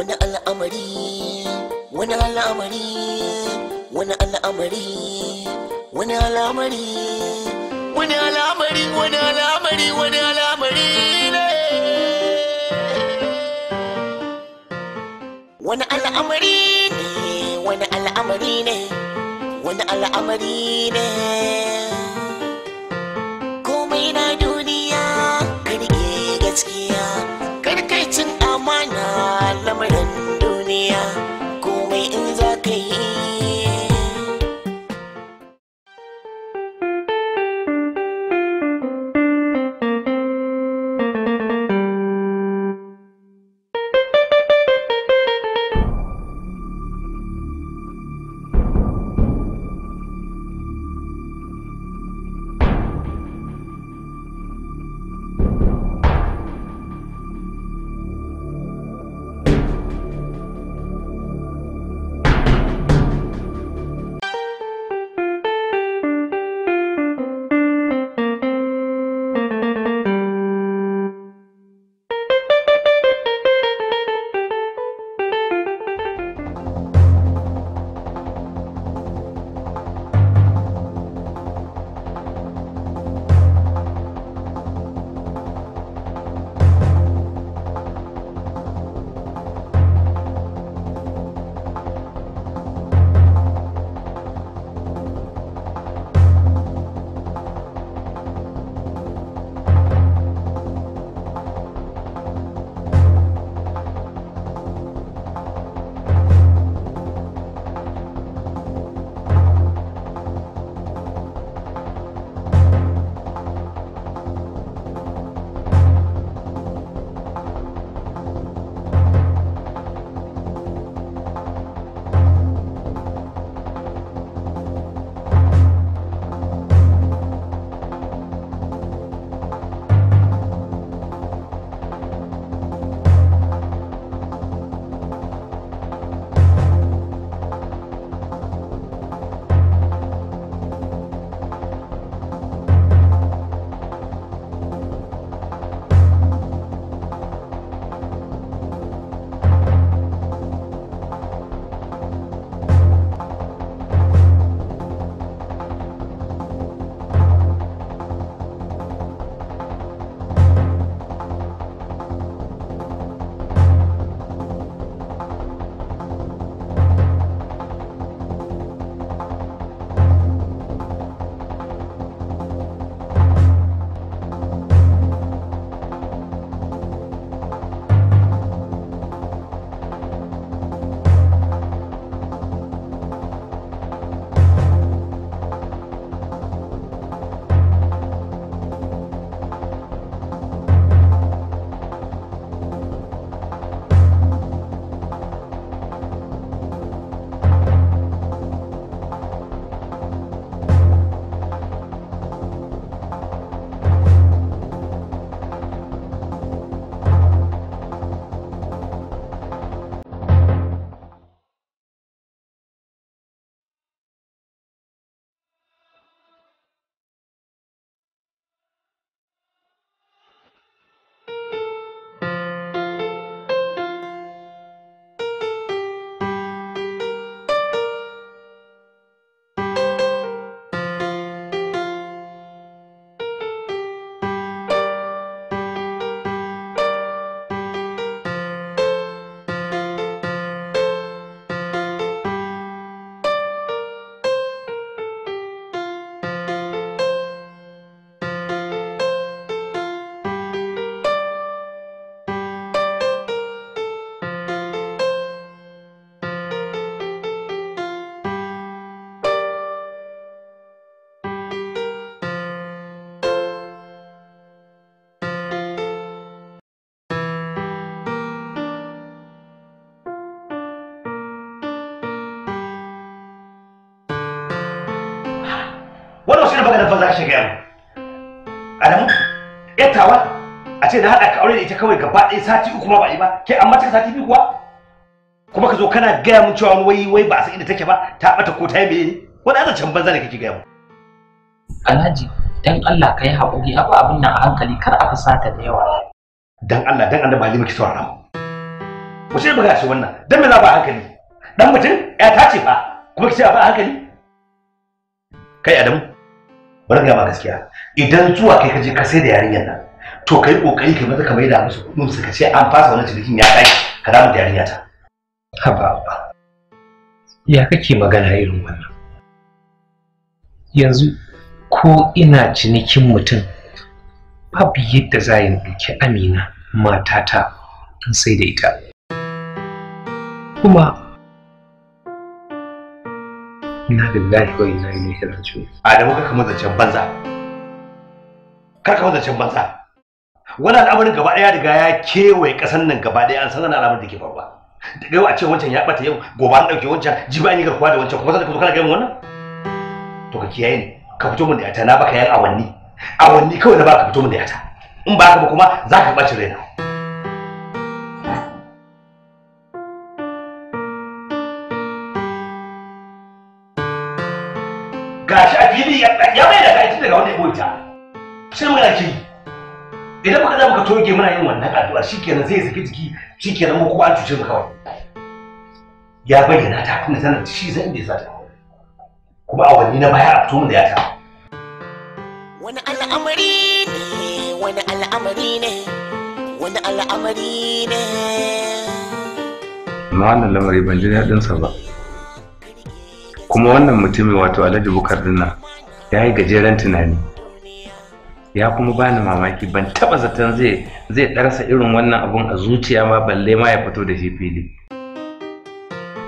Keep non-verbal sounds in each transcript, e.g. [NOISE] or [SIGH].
wani al'amari wani al'amari wani al'amari wani al'amari wani al'amari wani al'amari wani al'amari wani ne wani al'amari ne wani al'amari ne wani al'amari ne ba za ka shiga yamma alamu yattawa a ce na haɗa ka aure da ita kawai gaba ɗaya sati uku ma ba yi ba ke amma ta sati biyu kuwa kuma ka zo kana gaya mun cewa wai wai ba a san inda take ba ta bata ko ta yi meye wani azan can banza ne kake gaya mu alhaji dan Allah kai haƙuri abu abin nan a hankali kar a fusata da yawa dan Allah dan ba ni ki saurara mu ku ce buga shi wannan dan me za ba hankali dan mutum ya tace fa kuma ki ce ba hankali kai adamu bari ga gaskiya idan zuwa kai ka je ka sai da yarinyar nan to kai kokari ka maza ka maida musu kudin su ka ce an fasa wani cinikin ya kai ka damu da yarinya ta haba ba ya kake magana irin wannan yanzu ko ina cinikin mutum babu yadda za yi ɗauki amina matata in sai da ita kuma Ina lillahi wa inna ilaihi raji'un. Adamu kaka maza can banza. Kaka maza can banza. Wannan al'amarin gaba ɗaya da ya kewaye ƙasar nan gaba ɗaya an san wannan al'amarin da ke faruwa. Da yau a ce wancan ya ɓata yau gobe an ɗauke wancan jibi an yi garkuwa da wancan kuma sai ka zo kana gaya wannan? To ka kiyaye ni ka fito min da yata na baka yan awanni. Awanni kawai na baka fito min da yata. In ba haka ba kuma za ka ɓaci raina. ya mai ka kai daga wanda ya boita sai magana ki idan muka zama muka toge muna yin wannan addu'a shikenan zai saki jiki shikenan mu kuma an cuce mu kawai ya bayyana ta kuma tana shi zan inda ya sa kuma a awanni na baya a fito mu da ya ta wani al'amari ne wani al'amari ne wani al'amari ne Amma wannan lamari ban ji daɗinsa ba kuma wannan mutumin wato alhaji bukar dinnan ya yi gajeren tunani ya kuma bani mamaki ban taba zaton zai zai irin wannan abun a zuciya ma balle ma ya fito da shi fili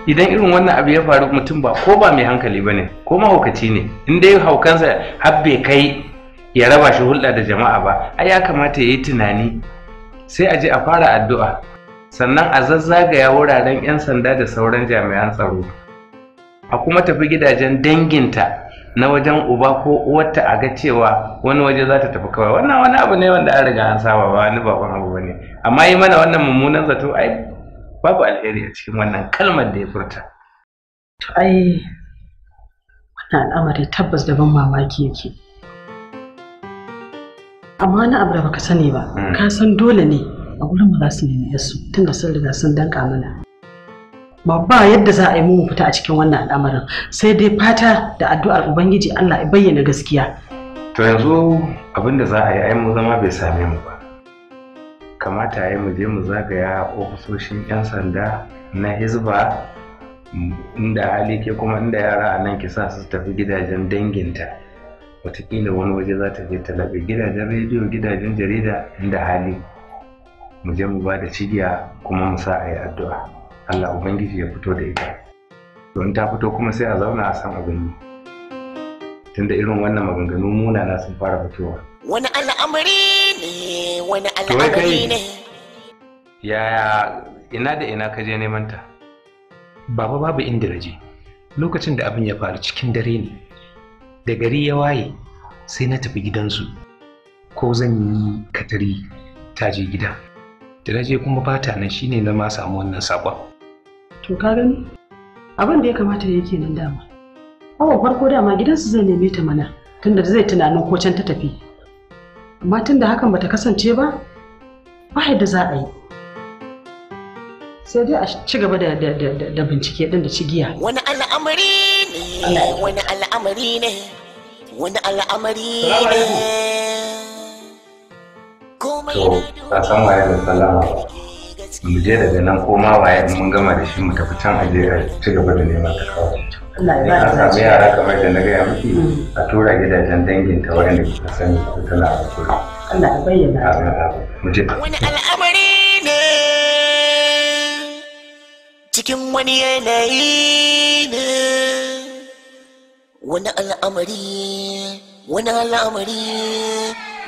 idan irin wannan abu ya faru mutum ba ko ba mai hankali ba ne ko mahaukaci ne in dai haukansa har bai kai ya raba shi hulɗa da jama'a ba ai ya kamata ya yi tunani sai a je a fara addu'a sannan a zazzagaya wuraren 'yan sanda da sauran jami'an tsaro a kuma tafi gidajen danginta na wajen uba ko uwarta a ga cewa wani waje za ta tafi kawai wannan wani abu ne wanda an riga an saba ba wani bakon abu ba ne amma yi mana wannan mummunan zato ai babu alheri a cikin wannan kalmar da ya furta to ai wannan al'amari tabbas da ban mamaki yake amma wani abu da baka sani ba hmm. ka san dole ne a gurin ba za su nemi yasu tun da sun riga sun danka mana Babba yadda za a yi mun fita a cikin wannan al'amarin sai dai fata da addu'ar ubangiji Allah ya bayyana gaskiya to yanzu abin da za a yi ai mu zama bai same mu ba kamata a yi mu je mu zagaya ofisoshin 'yan sanda na hizba inda hali ke kuma inda yara a nan kisa su tafi gidajen danginta Wataƙila wani waje za ta je ta laɓe gidajen rediyo gidajen jarida inda hali mu je mu ba da cigiya kuma mu sa a yi addu'a Allah Ubangiji ya fito da ita. Don ta fito kuma sai a zauna a san abin yi. Tunda irin wannan maganganu munana sun fara fitowa. Wani al'amari ne, wani al'amari ne. Yaya ina da ina ka je neman ta? Baba babu inda na je. Lokacin da abin ya faru cikin dare ne. Da gari ya waye sai na tafi gidansu. Ko zan yi katari ta je gida. Da na je kuma bata nan shine na ma samu wannan sakon. To ka gani? Abin da ya kamata ya yake nan dama. Awon farko dama gidansu zai neme ta mana tunda zai tunanin ko can ta tafi. Amma tunda hakan bata kasance ba, ba yadda za a yi. Sai dai a ci gaba da, da, bincike din da cigiya. Wani al'amari ne, wani al'amari ne, wani al'amari ne. Komai na To, ka san waye da sallama. mu je daga nan ko ma waye mun gama da shi mu tafi can aje a ci gaba da neman ta kawo ya samu yara kamar da na gaya miki mm. a tura gidajen dangin ta wani da kika sani ko tana a kuri Allah ya bayyana mu je wani al'amari ne cikin wani yanayi ne wani al'amari wani al'amari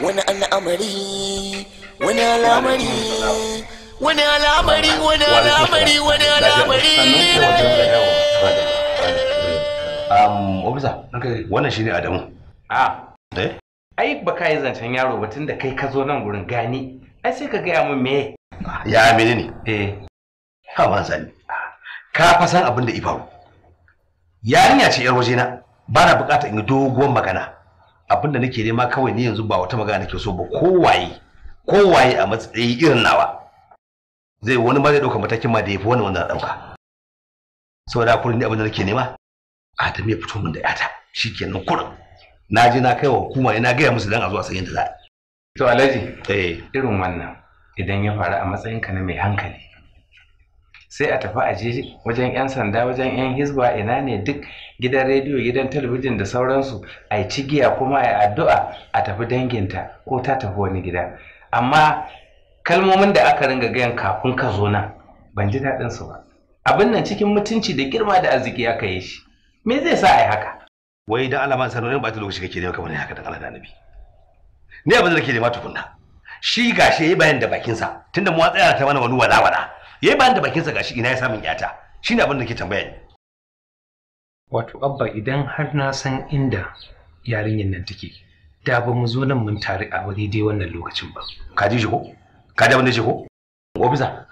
wani al'amari wani al'amari wani al'amari wani al'amari wani al'amari um obisa wannan ne adamu a ah. eh ai ba ka yi zancen yaro ba da kai ka zo nan gurin gani ai sai ka gaya min me ya mene ne eh ha ban sani ka fa san abin da ifaru yarinya ce yar wajena ba na bukata in yi doguwar magana abin da nake nema kawai ni yanzu ba wata magana nake so ba kowaye kowaye a matsayi irin nawa zai wani ma zai ɗauka matakin ma da ya fi wani wanda ɗauka saboda a kurin abin da nake nema a ta mai fito min da yata shi nan kurin na je na kai wa hukuma ina gaya musu dan a zuwa sayin da za a to alhaji eh. irin wannan idan ya faru a matsayin ka na mai hankali sai a tafi a je wajen 'yan sanda wajen 'yan hisba, ina ne duk gidan rediyo gidan talabijin da sauransu a yi cigiya kuma a yi addu'a a tafi danginta ko ta tafi wani gida amma kalmomin da aka ringa gayan kafin ka zo nan ban ji daɗin su ba abin nan cikin mutunci da girma da arziki aka yi shi me zai sa ai haka wai dan Allah ma sanonin ba ta lokaci kake da kamar haka da Allah da Nabi ne abin da kake nema tukunna shi gashi yayi bayan da bakin sa tunda mu tsaya ta mana wani wala wala yayi bayan da bakin sa gashi ina ya samun yata shine abin da ke tambaya ni wato abba idan har na san inda yarinyar nan take da ba mu zo nan mun tare a wuri dai wannan lokacin ba ka ji shi ko ka da wanda ce ko ofisa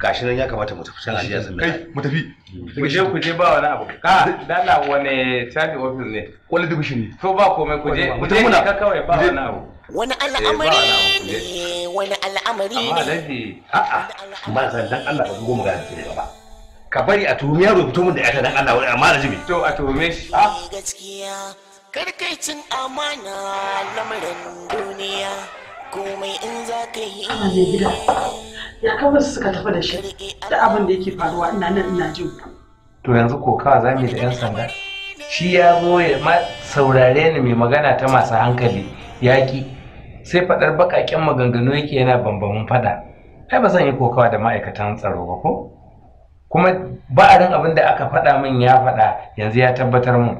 gashi nan ya kamata mu tafi can ajiya sun kai mu tafi ku je ku je ba wani abu ka dala wani charge office ne wani division ne to ba komai ku je mu tafi ka kawai ba wani abu wani eh, al'amari ne wani al'amari ne amma a'a ba san dan Allah ba go mu ga shi ba ka bari a tuhumi yaro fito mun da yata dan Allah wani amma da jibi to a tuhume shi ah. gaskiya karkaicin amana lamarin duniya komai in za ka yi gida ya kawo su suka tafi da shi da abin da yake faruwa ina nan ina jin to yanzu kokawa za mu da yan sanda shi ya zo ya ma saurare ni mai magana ta masu hankali yaki sai faɗar bakakken maganganu yake yana bambamin fada ai ba zan yi kokawa da ma'aikatan tsaro ba ko kuma ba'arin abin da aka faɗa min ya faɗa yanzu ya tabbatar mun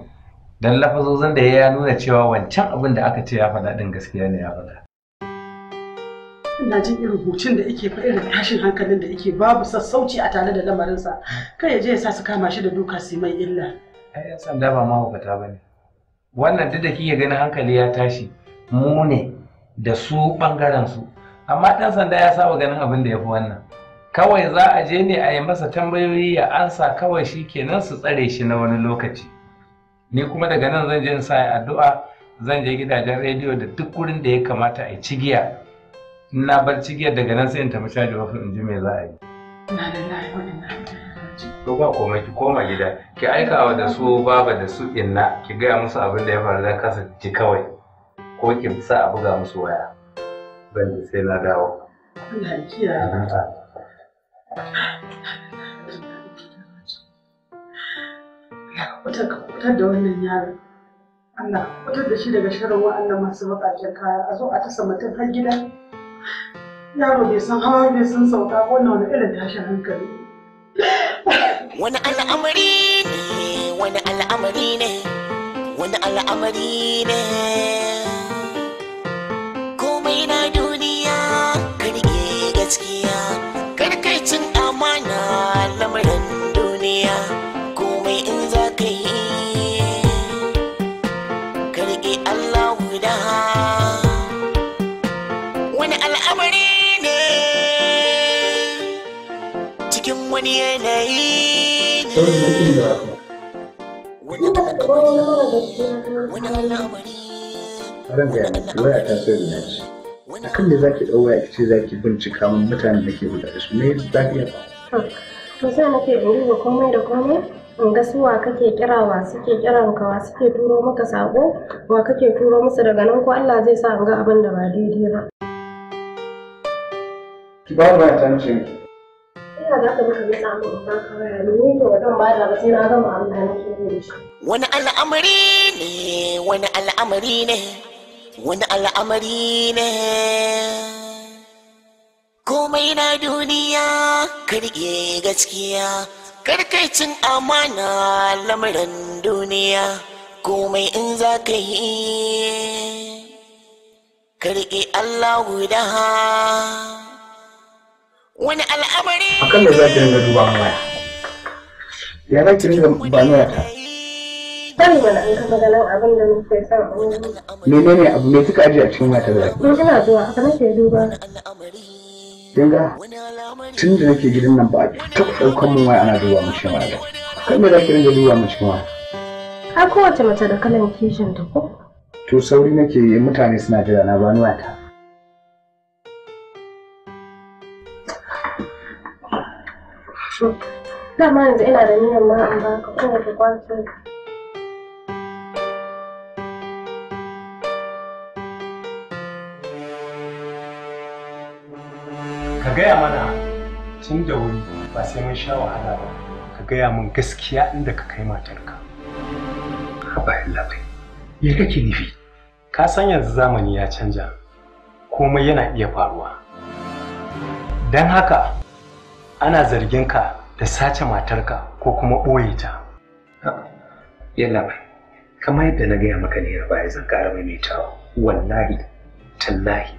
don lafazozin da ya nuna cewa wancan abin da aka ce ya faɗa din gaskiya ne ya faɗa ina jin irin hucin da yake fa irin tashin hankalin da yake babu sassauci a tare da lamarinsa kai ya je ya sa su kama shi da duka su mai illa ai yan sanda ba hukata bane wannan duk da kike ganin hankali ya tashi mu ne da su bangaren su amma dan sanda ya saba ganin abin da ya fi wannan kawai za a je ne a yi masa tambayoyi ya ansa kawai shi kenan su tsare shi na wani lokaci ni kuma daga nan zan je in sa addu'a zan je gidajen rediyo da duk wurin da ya kamata a yi cigiya na bar cikiyar daga nan sai in tafi caji ofis in ji me za a yi to ba komai ki koma gida ki aikawa da su baba da su inna ki gaya musu abin da ya faru dan kasa ji kawai ko ki sa a buga musu waya ban ji sai na dawo Wata ka kutar da wannan yaron. Allah, kutar da shi daga sharar wa'annan masu baƙaƙen kaya a zo a tasa mutum har gida. Yaro bai san hawa bai san sauka wannan wani irin tashin hankali. Wani al'amari ne, wani al'amari ne, wani al'amari ne. Komai na duniya karge gaskiya. yanayi ne wani al'amari ran gaya miki waya ta sai da naci akan da zaki dau waya kice zaki bincika mun mutanen da ke wani da su me zaki ya ba to sai nake duba komai da komai in ga su wa kake kira wa suke kiran ka wa suke turo maka sako wa kake turo musu daga nan ko Allah zai sa in ga abin da ba daidai ba ki ba waya ta yasa na Wani al'amari ne wani al'amari ne wani al'amari ne. Komai na duniya karge gaskiya karkacin amana lamarin duniya komai in za ka yi. Karge Allah guda. ha wani al'amari akan da za ki ringa duba waya ya za ki ringa ba ni wata sani mana an kafa ganin abin da muke son menene abu me kika aje a cikin wata da ni ina zuwa haka nake duba dinga tun da nake gidan nan ba a taɓa ɗaukan mun waya ana duba mun ma waya kan me za ki ringa duba mun shin waya har kowace mace da kalan kishin ta ko to sauri nake mutane suna jira na ba ni wata dama yanzu ina da niyyar ma in baka kawai ka kwace ka gaya mana tun da wuri ba sai mun sha wahala ba ka gaya min gaskiya inda ka kai matarka bayan labai ya kake nufi ka san yanzu zamani ya canja komai yana iya faruwa don haka ana zargin ka da sace matarka ko kuma ɓoye ta. Yalla bai, kamar yadda na gaya maka ne a baya zan mai tawo, Wallahi, tallahi,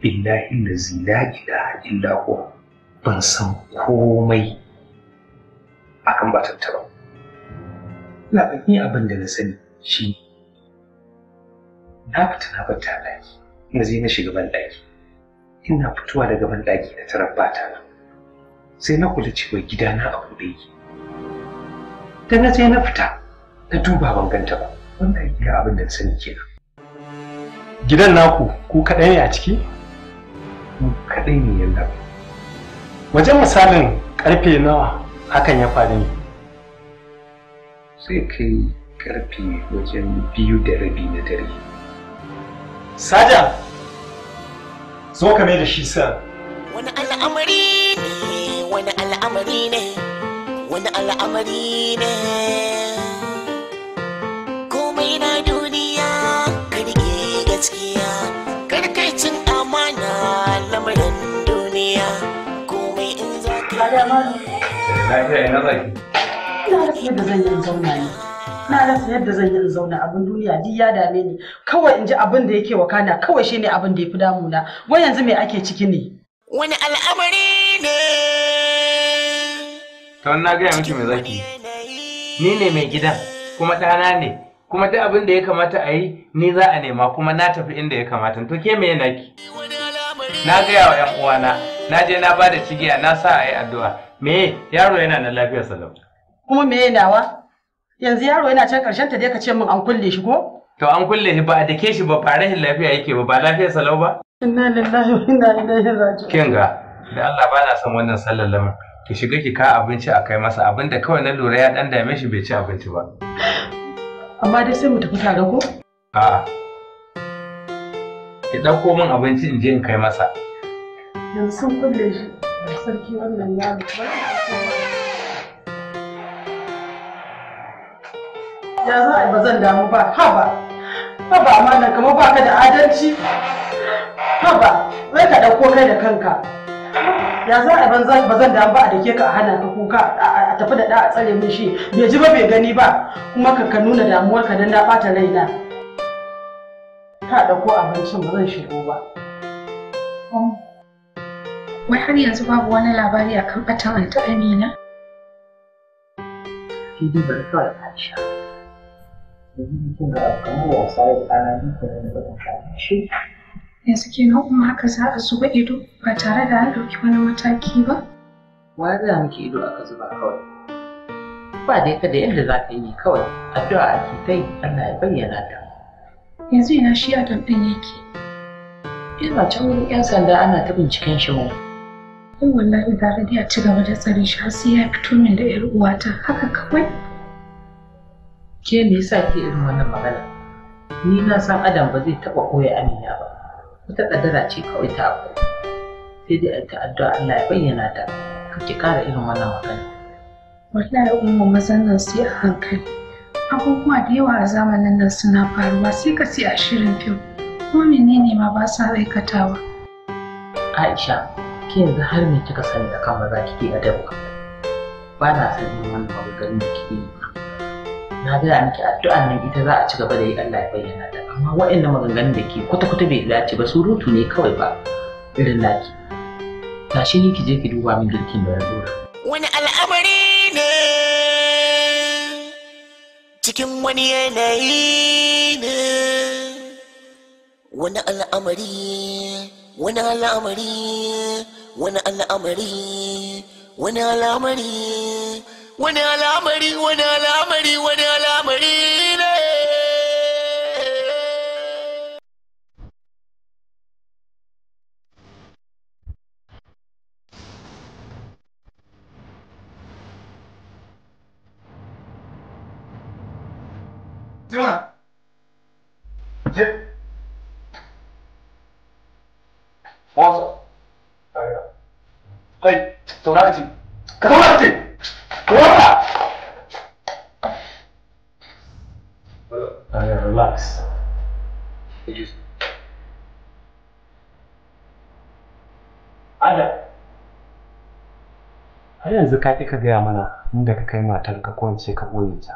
billahi da zina ila illa huwa ban san komai akan ba tattara. Labai ni abin da na sani shi na fita na bar ɗaki, na je na shiga ban ɗaki. Ina fitowa daga ban ɗaki na tarabbata na. sai na kula cewa gidana a buɗe yake da na je na fita na duba ban ganta ba wannan ga abin da sani kenan gidan naku ku kaɗai ne a ciki ku kaɗai ne yanda wajen misalin karfe nawa hakan ya faru ne sai kai karfe wajen biyu da rabi na dare saja zo ka mai da shi sa wani al'amari al'amari ne wani al'amari ne komai na duniya karge gaskiya karkacin amana lamarin duniya komai in za ka yadda zan yi zauna ne na rasa yadda zan yi zauna abin duniya duk ya dame ni kawai in ji abin da yake wakana kawai shine abin da ya fi damuna wai yanzu me ake ciki ne wani al'amari ne ta na gaya miki me zaki ni ne mai gidan kuma ɗana ne kuma duk abin da ya kamata a yi ni za a nema kuma na tafi inda ya kamata to ke me ki? na gaya wa yan uwana na je na bada cigiya na sa a yi addu'a me yaro yana na lafiyar salau kuma me nawa yanzu yaro yana can karshen ta dai ka ce min an kulle shi ko to an kulle shi ba a dake shi ba ba rahin lafiya yake ba ba lafiyar salau ba inna lillahi wa inna ilaihi raji'un kinga da Allah bana son wannan sallar lamar ki shiga ki ka abinci a kai masa abin da kawai na lura ya dan dame shi bai ci abinci ba amma dai sai mu tafi tare ko a'a ki ɗauko min abinci in je in kai masa yanzu sun kulle shi sarki wannan yaro ya za a ba zan damu ba haba haba amma nan kamar baka da adalci haba wai ka ɗauko kai da kanka ya za a banza ba zan damu ba a dake ka a hana ka kuka a tafi da da a tsare min shi bai ji ba bai gani ba kuma ka ka nuna damuwar ka dan na bata raina ka dauko abincin ba zan shigo ba umm. wai har yanzu babu wani labari akan batan anta amina Kidi bar kawai Aisha. Yanzu kin ga kamar wasa ya kana nake da shi. yanzu kenan umma haka za a zuba ido ba tare da an ɗauki wani mataki ba wa za miki ido aka zuba kawai ba dai ka da yadda za ka yi kawai addu'a ake ta yi Allah ya bayyana ta yanzu ina shi adam ɗin yake ina can wurin 'yan sanda ana ta binciken shi mu in wallahi dai a ci gaba da tsare shi har sai ya fito min da 'yar uwata haka kawai ke me yasa ke irin wannan magana ni na san adam ba zai taɓa koya amina ba wata ƙaddara ce kawai ta abu sai dai ta addu'a Allah ya bayyana ta kake ƙara irin wannan magana wallahi umma mazan nan sai a hankali abubuwa da yawa a zamanin nan suna faruwa sai ka ce a shirin fim ko menene ma ba sa aikatawa Aisha ki yanzu har me kika sani akan maza kike a dabba ba na sanin wannan maganganun da kike yi na gaya miki addu'an nan ita za a ci gaba da yi Allah ya bayyana ta amma waɗannan maganganun da ke kwata-kwata bai dace ba surutu ne kawai ba irin naki tashi ni ki je ki duba min girkin da na wani al'amari ne cikin wani yanayi ne wani al'amari wani al'amari wani al'amari wani al'amari wani al'amari wani ka ka gaya mana inda ka kai matar ko in ce ka ɓoye ta.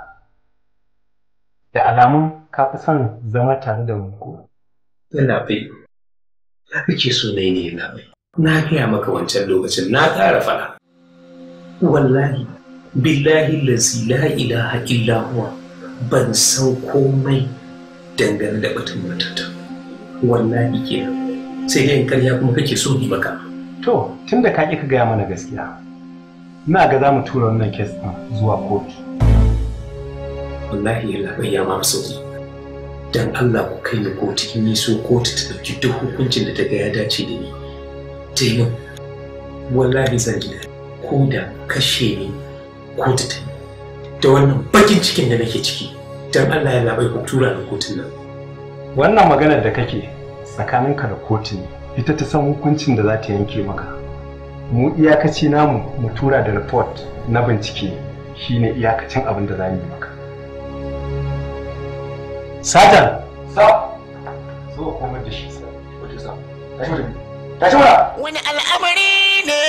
Da alamun ka fi son zama tare da mu ko? Ina bai. Ya ke so na yi ne na bai. Na gaya maka wancan lokacin na ƙara faɗa. Wallahi, billahi lazi la ilaha illa huwa ban san komai dangane da batun matata. Wallahi kenan. Sai dai in karya kuma kake so ni maka. To, tun da ka ƙi ka gaya mana gaskiya, ina ga za mu tura wannan kes ɗin zuwa kotu wallahi ya bai ya ma sauki dan Allah ku kai ni kotu in yi so kotu ta ɗauki duk hukuncin da ta ga ya dace da ni dai yi wallahi zan ji ko da kashe ni kotu ta da wannan bakin cikin da nake ciki dan Allah ya labai ku tura ni kotun nan wannan maganar da kake tsakaninka da kotu ita ta san hukuncin da za ta yanke maka mu iyakaci namu mu tura da report na bincike shine iyakacin abin da za mu yi maka satan sa zo kuma da shi sa wace sa tashi mu tashi mu wani al'amari ne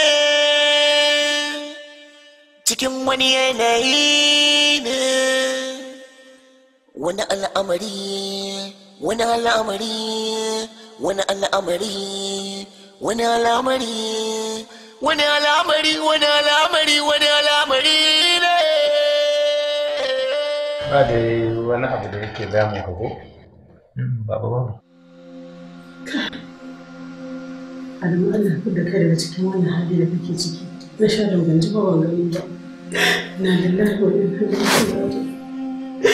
cikin wani yanayi ne wani al'amari wani al'amari wani al'amari wani al'amari wani al'amari wani al'amari wani al'amari ne ba da wani abu da yake damu hagu mm, ba ba ba Adamu Allah fi da kai daga cikin wani hali da kake ciki na sha ganji ba ban gani ba na lillahi wa inna ilaihi na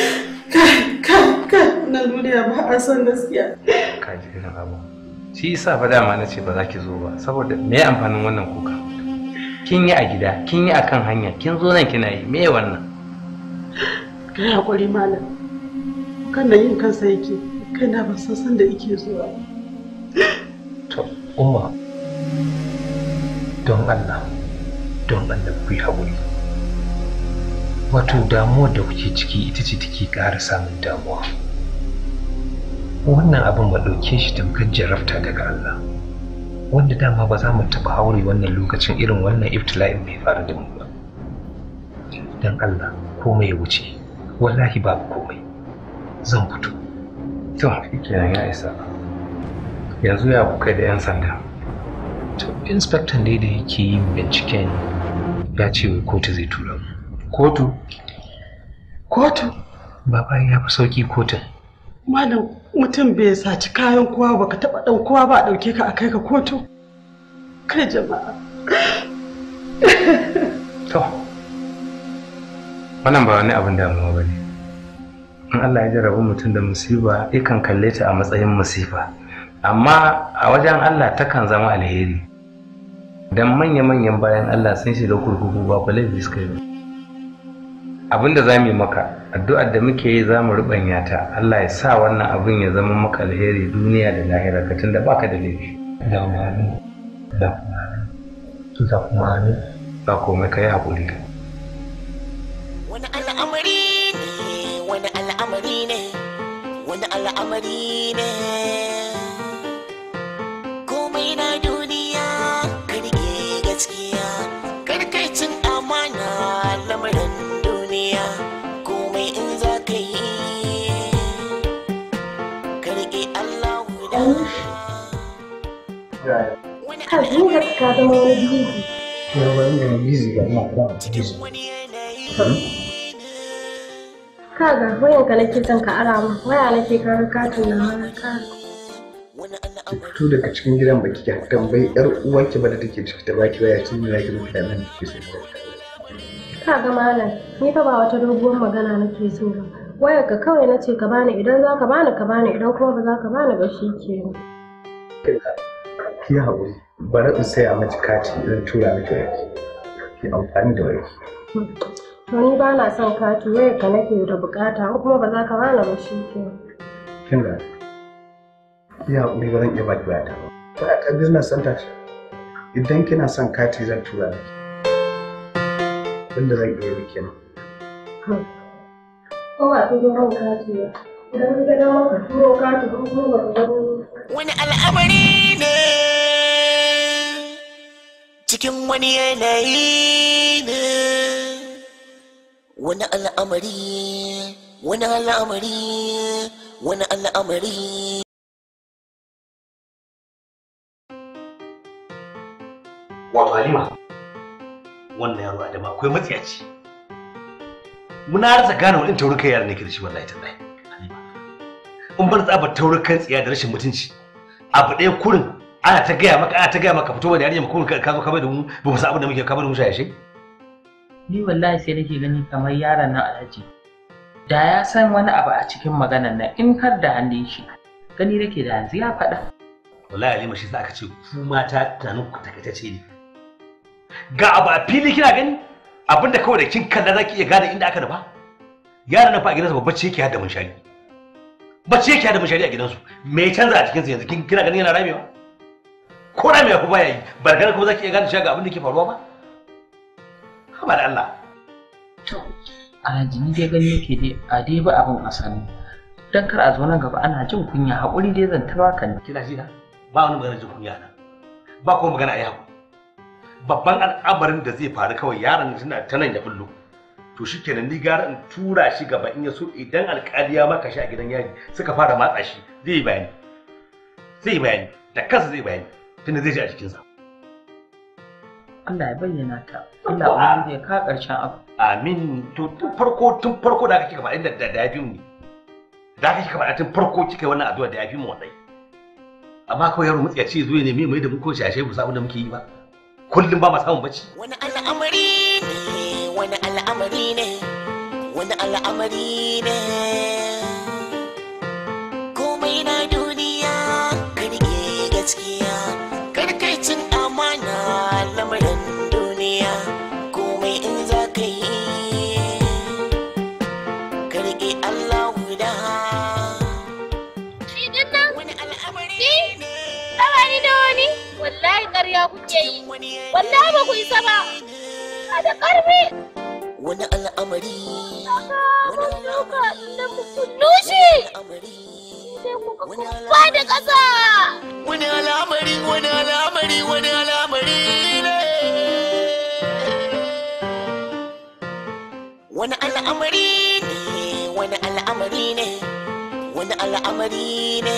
kai kai kai na duniya ba a son gaskiya ka ji kana abu shi yasa fa dama na ce ba za ki zo ba saboda me amfanin wannan kuka kin yi a gida kin yi a kan hanya kin zo nan kina yi me wannan ka yi haƙuri malam kan nan yin kansa yake kai na ban san san da yake zuwa to umma don Allah don Allah ku yi haƙuri wato damuwar da kuke ciki ita ce take ƙara samun damuwa wannan abin ba ɗauke shi tamkar jarabta daga Allah wanda dama ba za mu taɓa haure wannan lokacin irin wannan iftila'in bai faru da mu ba don Allah komai ya wuce wallahi ba komai zan fito to kenan ya isa yanzu ya kai da 'yan sanda to inspector ne da yake yin binciken ya ce wai kotu zai tura mu kotu kotu baba ya fi sauki kotun malam mutum bai saci kayan kowa ka taba dan kowa ba dauke ka a kai ka kotu kai jama'a to wannan ba wani abin damuwa ba ne, in Allah ya jarabu mutum da musiba yakan kalle ta a matsayin musiba amma a wajen Allah takan zama alheri dan manya-manyan bayan Allah sun shiga kurkuku ba laifi suka yi ba. abinda za mu yi maka addu'ar da muke yi za mu rubanya ta Allah ya sa wannan abin ya zama maka alheri duniya da lahira ka tunda baka da laifi da umarni da umarni da umarni ba komai ka yi haƙuri wani al'amari ne wani al'amari ne wani al'amari ne ka zama wani bizi ya wani wani bizi ga ina da kaga wayanka nake son ka ara min waya nake kaga katin na ka fito daga cikin gidan baki ki tambayi yar uwanki ba da take ciki ta baki waya ce yi zaki rubuta nan ki so ka ga malam ni fa ba wata doguwar magana nake so ba wayar ka kawai nace ka bani idan za ka bani ka bani idan kuma ba za ka bani ba shi ke ki yi haƙuri bari in saya mace kati in tura miki wayarki ki amfani da wayarki ni ba na son kati wayar ka nake da bukata ko kuma ba za ka bani ba shi ke kin ga ki yi haƙuri ba zan iya baki wayata ba ba ta business center ce idan kina son kati zan tura miki inda zan iya miki nan ko ba ku ga kati idan ka ga dama ka turo kati ko kuma ba ka ga wani al'amari ne cikin wani yanayi ne wani al'amari wani al'amari wani al'amari wato halima wannan yaro adama akwai matsiyaci muna rasa gane wani taurin kai yaran ke da shi wallahi tallahi in bar tsabar taurin kan tsiya da rashin mutunci abu ɗaya kurin ana ta gaya maka ana ta gaya maka fito ba da yarinya mu kuma ka zo ka bai da mu ba mu san abin da muke ka bai da mu shayashe ni wallahi sai nake gani kamar yaron nan alhaji da ya san wani abu a cikin maganar nan in har da hannun shi gani nake da yanzu ya faɗa wallahi alima shi sa aka ce ku mata tunanin ku takaitacce ne ga abu a fili kina gani abinda kawai da kin kalla zaki iya gane inda aka ba yaron nan fa a gidansa babba ce yake hada mun shari bacci yake hada mun shari a gidansu me ya canza a su yanzu kina gani yana ramewa ko mai yafi baya yi barkar kuma zaki iya gane cewa ga abin da ke faruwa ba haba da Allah to alhaji ni dai gani yake dai a dai ba abin a sani dan kar a zo nan gaba ana jin kunya haƙuri dai zan taba kan kina ji na ba wani magana jin kunya na ba kuma magana a yau babban al'amarin da zai faru kawai yaron tana ta nan ya bullo to shi kenan ni gara in tura shi gaba in ya so idan alƙali ya maka shi a gidan yari suka fara matsa shi zai yi bayani zai bayani da kansa zai bayani tunda zai ji a jikinsa Allah ya bayyana ta Allah ubangiji ya ka karshen abu amin to tun farko tun farko da kake faɗa da da yafi mu ne da kake faɗa tun farko kika wannan addu'a da fi mu wallahi amma kawai yaro mutsiya ce zuwa ne nemi mai da mu ko shashe ba sabon da muke yi ba kullum ba ma samun bacci wani al'amari ne wani al'amari ne wani al'amari ne kuke yi wallahi ba ku isa da wani al'amari da ƙasa wani al'amari wani al'amari wani al'amari wani al'amari ne wani al'amari ne wani al'amari ne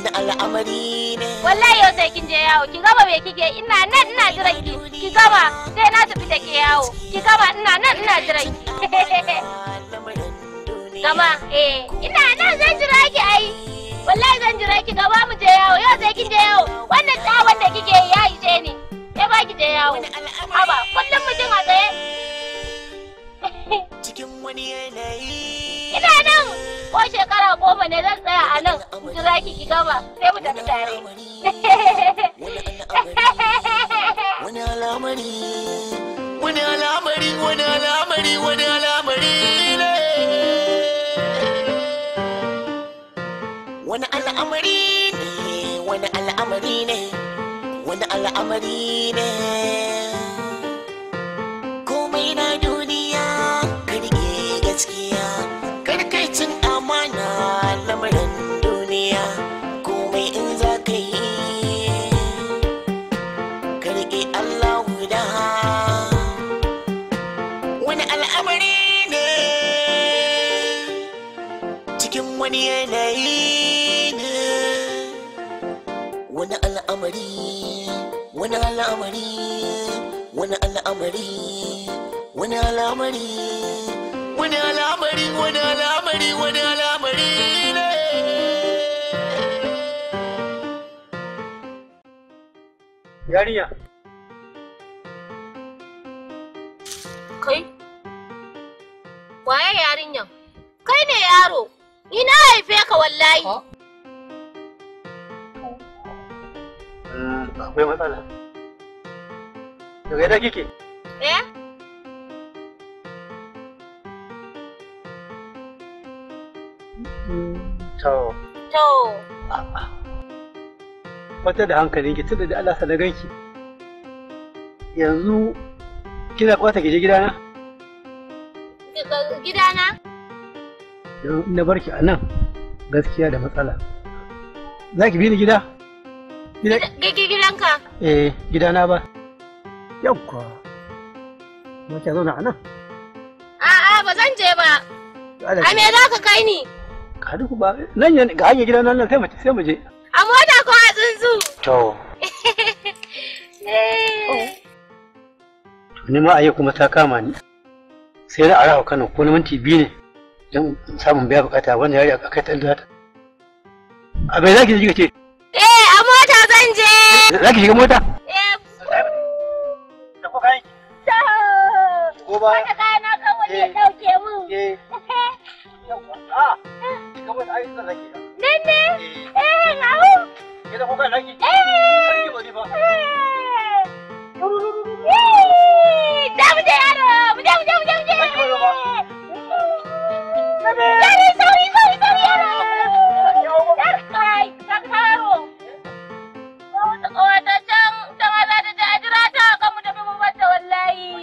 wani al'amari ne wallahi yau sai kin je yawo ki gama me kike ina nan ina jiran ki ki gama sai na tafi da ke yawo ki gama ina nan ina jiran ki [LAUGHS] gama eh ina nan zan jira ki ai wallahi zan jira ki gaba mu je yawo yau sai kin je yawo wannan tsawon da kike ya ishe ni ya ba ki je yawo haba kullum mu jin a tsaye cikin wani yanayi ina nan ko shekara goma ne zan tsaya a nan jira ki ki gama sai mu tafi tare wani alamari wani alamari wani alamari wani alamari ne wani al'amari ne wani al'amari ne wani al'amari ne al'amari wani al'amari wani al'amari wani al'amari wani al'amari wani al'amari wani al'amari ne yarinya kai waye yarinyan kai ne yaro ni na haife ka wallahi akwai matsala. Daga yadda kike? Eh? Ciao. To. Wata da hankalin ki tunda da Allah sa na ganki. Yanzu kina kwata ki je gidana? Eh, gidana? Yanzu na barki a nan gaskiya da matsala. Za ki bi ni gida? Gidanka? Eh, gidana ba. Yawwa. Mace zauna a nan? A'a, ba zan je ba. A me za ka kai ni? Ka duku ba. Nan yan ga hanyar gidan nan sai mu sai mu je. A mota ko a tsuntsu? To. [LAUGHS] Eh. Ni ma ayi kuma ta kama ni. Sai na arawa Kano ko na minti biyu ne. Don samun biya bukata wannan yari akai kai ta inda ta. A bai za ki je ce zan je. Za ki shiga mota? Eh. Da ko kai? Eh. Ko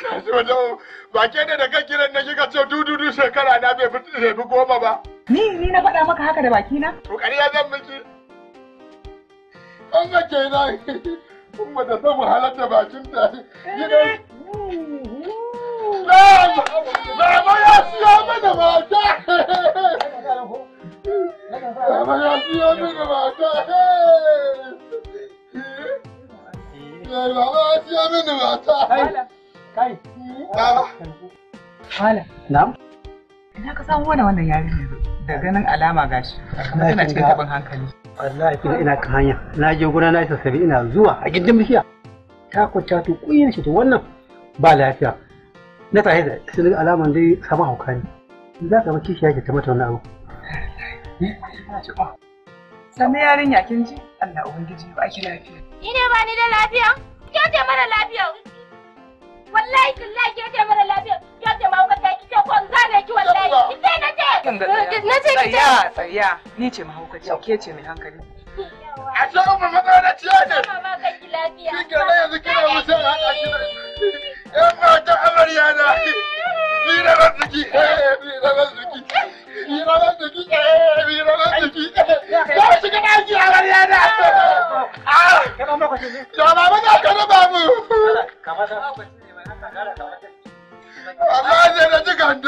kashi wajen ba ke da daga kiran na kika ce dududu shekara na bai fi goma ba. Ni ni na faɗa maka haka da bakina? To ƙarya zan miki. An zake na da halar da Baba ya siya mana mata. Baba ya siya mana mata. Baba ya siya mana mata. Kai. Baba. Malam. Na'am. Ina ka samu wani wannan yarinya da ganin alama gashi. Kuma tana cikin tabin hankali. Wallahi kin ina kan hanya. Na je gona na sassabe ina zuwa a gidan bishiya. Ta kwanta to kuyin shi to wannan ba lafiya. Na tahe da sai alaman dai sama hauka ne. Za ka ba kishiya yake ta mata wani abu. Sannan yarinya kin ji Allah Ubangiji ba ki lafiya. Ni ne ba ni da lafiya? Kin ce mara lafiya wallahi tallahi ke ce mara lafiya ma ki ce ko zane ki wallahi ki ce na ce na ce ki ce tsaya ni ce ce mai hankali a ce mu ne mama ki lafiya ki yanzu musa a kashi yan mata amarya na ni na ni ah! na ne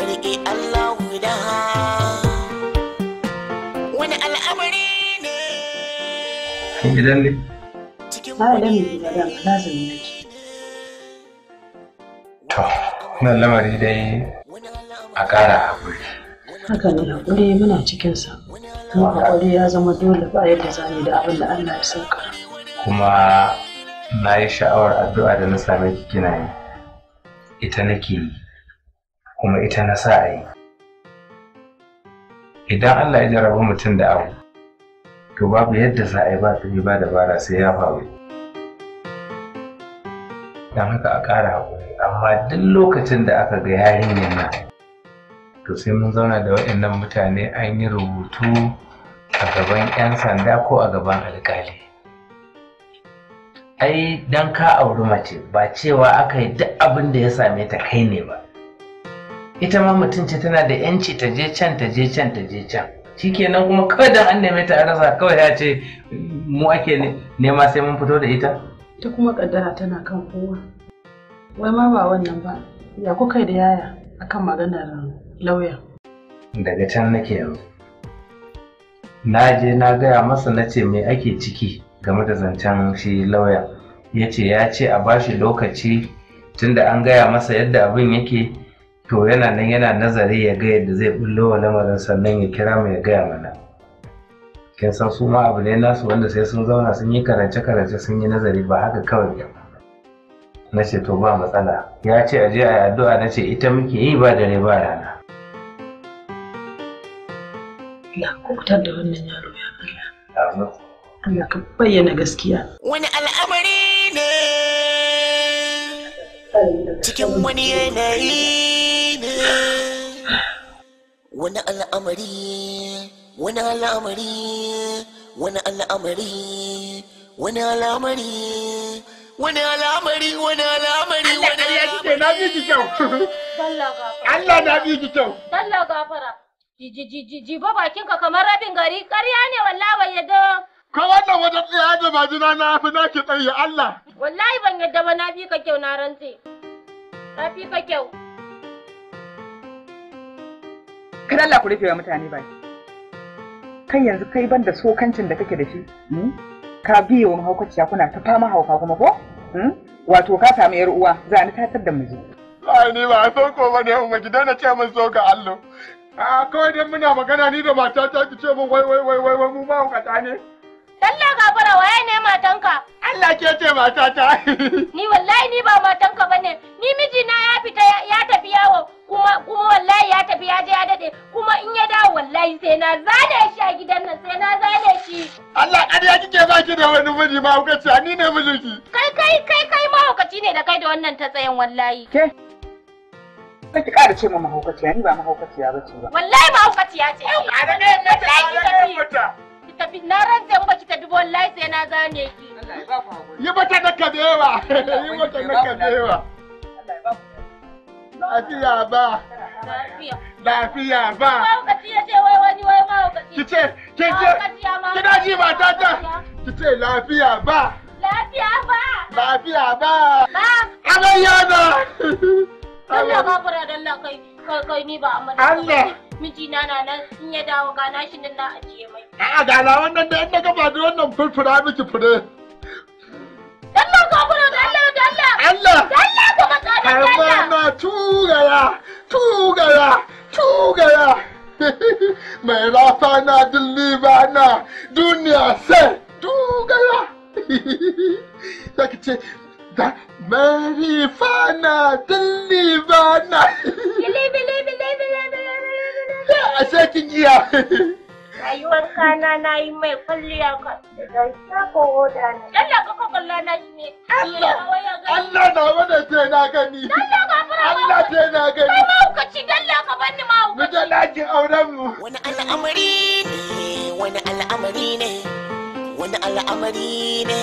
karke Allah guda wani al'amari ne gidan ne to wannan lamari dai a ƙara haƙuri haka ne haƙuri muna cikinsa kuma haƙuri ya zama dole ba yadda za mu da abin da Allah ya sauka kuma na yi sha'awar addu'a da na same ki kina yi ita nake yi kuma ita na sa a yi idan allah ya jaraba mutum da abu to babu yadda za a yi ba tsiri ba dabara sai ya faru don haka a ƙara haƙuri amma duk lokacin da aka ga yarin yana, to sai mun zauna da waɗannan mutane an yi rubutu a gaban 'yan sanda ko a gaban alƙali ai don ka auri mace ba cewa aka yi duk abin da ya same ta kai ne ba ita ma mutum ce tana da yanci ta je can ta je can ta je can shikenan kuma kawai dan an neme ta rasa kawai ya ce mu ake nema sai mun fito da ita ta kuma kaddara tana kan kowa wai ma ba wannan ba ya kai da yaya akan maganar lauya daga can nake yanzu na je na gaya masa na ce me ake ciki game da zancen shi lauya ya ce ya ce a bashi lokaci tunda an gaya masa yadda abin yake to yana nan yana nazari ya ga yadda zai bullo wa lamarin sannan ya kira mu ya gaya mana kin san su ma abu ne nasu wanda sai sun zauna sun yi karance karance sun yi nazari ba haka kawai ba na ce to ba matsala ya ce a je a yi addu'a na ce ita muke yi ba dare ba rana Allah ka bayyana gaskiya wani al'amari ne cikin wani yanayi wani al'amari wani al'amari wani al'amari wani al'amari wani al'amari wani al'amari wani al'amari na bi ki kyau Allah na bi ki kyau Allah gafara bakin bakinka kamar rabin gari ƙarya ne wallahi ban yadda ka wannan wata tsaya da majina na fi na ki tsaye Allah wallahi ban yadda ba na fi ka kyau na rantse na fi ka kyau kada Allah ku rufe wa mutane ba kai yanzu kai ban da sokancin da kake da shi hmm? ka biye wa mahaukaciya kuna ta fama hauka kuma ko hmm? wato ka samu yar uwa za ni tatar da miji ba ni ba so ko ne mu ki na ce min so ga Allah a kawai dan muna magana ni da matata ki ce min wai wai wai wai mu ba hukata ne Allah gafara waye ne matanka Allah ke ce matata ni wallahi ni ba matanka bane ni mijina ya fita ya tafi yawo kuma kuma wallahi ya tafi ya je ya dade kuma in ya dawo wallahi sai na zane shi a gidan nan sai na zane shi Allah ya kike ba ki da wani miji ba ku ce ni ne mijinki kai kai kai kai mahaukaci ne da kai da wannan ta tsayin wallahi ke Kai ki ƙara ce ma mahaukaciya ni ba mahaukaciya ba ce ba. Wallahi ya ce. A da ne ne ta ki tafi. tafi na ran in kika ta dubo wallahi sai na zane ki. Yi mata na kabewa. Yi mata na kabewa. Allah ya ba ku [LAUGHS] Lafiya ba. Lafiya ba. Mahaukaci ya ce wai wani Ki ce, ki ce, kina ji mata ta. Ki ce lafiya ba. Lafiya ba. Lafiya ba. Ba. Alayya na. Allah ba fara dalla kai kai kai ni ba amma. Allah. Mijina na nan in ya dawo gana shi nan na ajiye mai. A'a na, wannan da in ka gaba da wannan furfura miki fure. Allah ka fara dalla. Allah Allah na tugaya tugaya tugaya mai rafa na dilli ba na duniya sai tugaya zaki ce da mai rafa na dilli ba na bile bile bile bile bile rayuwar kana na yi mai kwalliya ka da shafa hoda ne dalla ka kokalla na shi ne Allah Allah na wada ce na gani Allah ce na gani kai mahaukaci dalla ka banni mahaukaci mu je dakin auren mu wani al'amari ne wani al'amari ne wani al'amari ne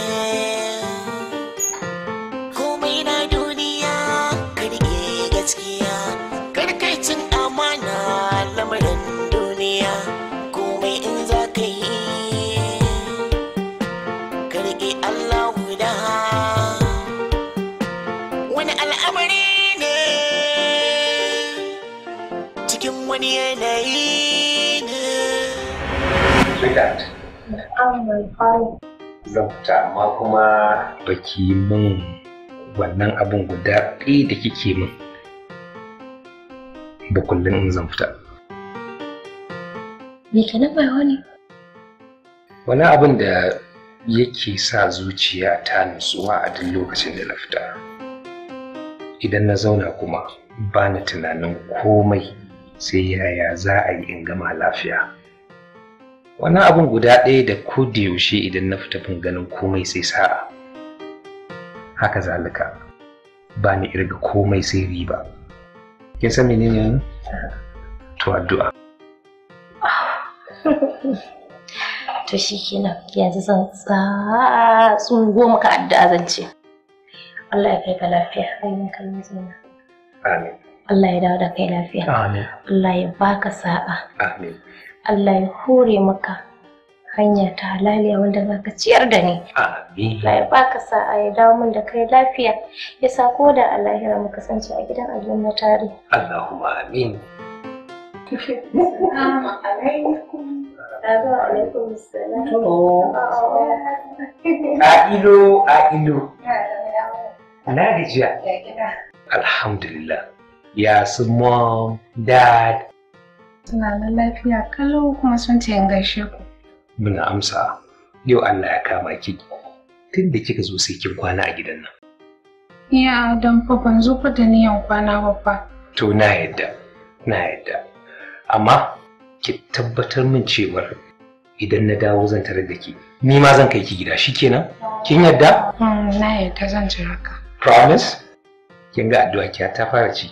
likita zan ta amma kuma baki mun, wannan abin guda ɗaya da kike min ba kullum in zan fita me nan mai wani wani abin da yake sa zuciya ta nutsuwa a duk lokacin da na fita idan na zauna kuma ba na tunanin komai sai yaya za a yi in gama lafiya wannan abun guda ɗaya da ko da yaushe idan na fita fin ganin komai sai sa'a haka zalika ba ni irga komai sai riba kin san menene to addu'a to shi kina yanzu zan tsungo maka addu'a zan ce Allah ya kai ka lafiya ainihin kalmi zina amin Allah ya dawo da kai lafiya amin Allah ya baka sa'a amin Allah ya hore maka hanya ta halaliya wanda za ka ciyar da ni. Amin. Allah ya baka sa'a ya dawo min da kai lafiya ya sa ko da a lahira muka sance a gidan aljanna tare. Allahumma amin. A'ilo a'ilo. Na gajiya. Alhamdulillah. Ya su mom, dad, tunanin lafiya kalau kuma sun ce in gaishe ku. Muna amsa yau Allah ya kama ki tun da kika zo sai kin kwana a gidan nan. Ya don fa ban zo ku da niyan kwana ba fa. To na yadda, na yadda. Amma ki tabbatar min cewar idan na dawo zan tare da ki. Ni ma zan kai ki gida shikenan? Kin yadda? Hmm, na yadda zan jira ka. Promise? Kin ga addu'a ta fara ci.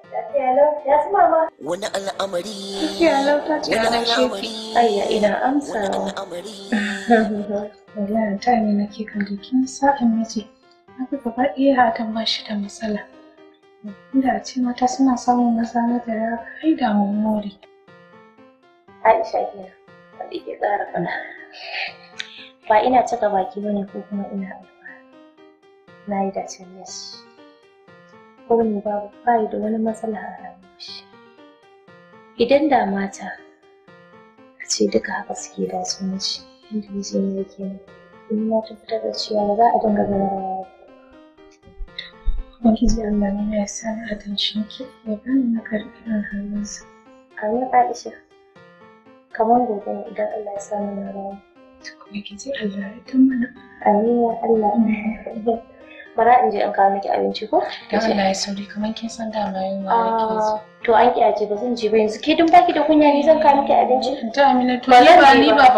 Wani al'amari. Wani al'amari. Ayya ina amsawa. Wani [LAUGHS] ta ne ke kan jikin sa'in miji. Na fi gaba ɗaya hatan ba shi da matsala. Inda ce mata suna samun maza na da ya kai da mummuri. Aisha kenan. Wanda ke tsara fana. Ba ina cika baki bane ko kuma ina alfahari. Na yi dacen yes. kowane babu bayi da wani matsala a rayuwar shi idan da mata a ce duka haka suke da su mace inda miji ne yake ne in ya tabbatar da cewa za a dinga gaba rayuwa Ubangiji Allah ne ya sa a tashin ki ya bani na karɓi hannunsa. Amin Aisha. kamar gobe idan Allah ya sami na rawa. Kuma ki ji Allah ya tun mana. Amin ya Allah. bara in je in kawo miki abinci ko ta ce Allah sauri kaman kin san da mai yunwa to an kiyace ba zan je ba yanzu ke dun baki da kunya ni zan kawo miki abinci ta Amina to ni ba ni ba